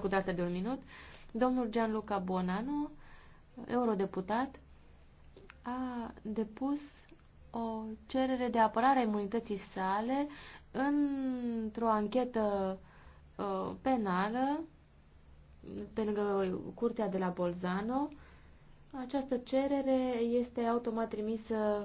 cu data de un minut, domnul Gianluca Bonanu, eurodeputat, a depus o cerere de apărare a imunității sale într-o anchetă uh, penală pe lângă curtea de la Bolzano. Această cerere este automat trimisă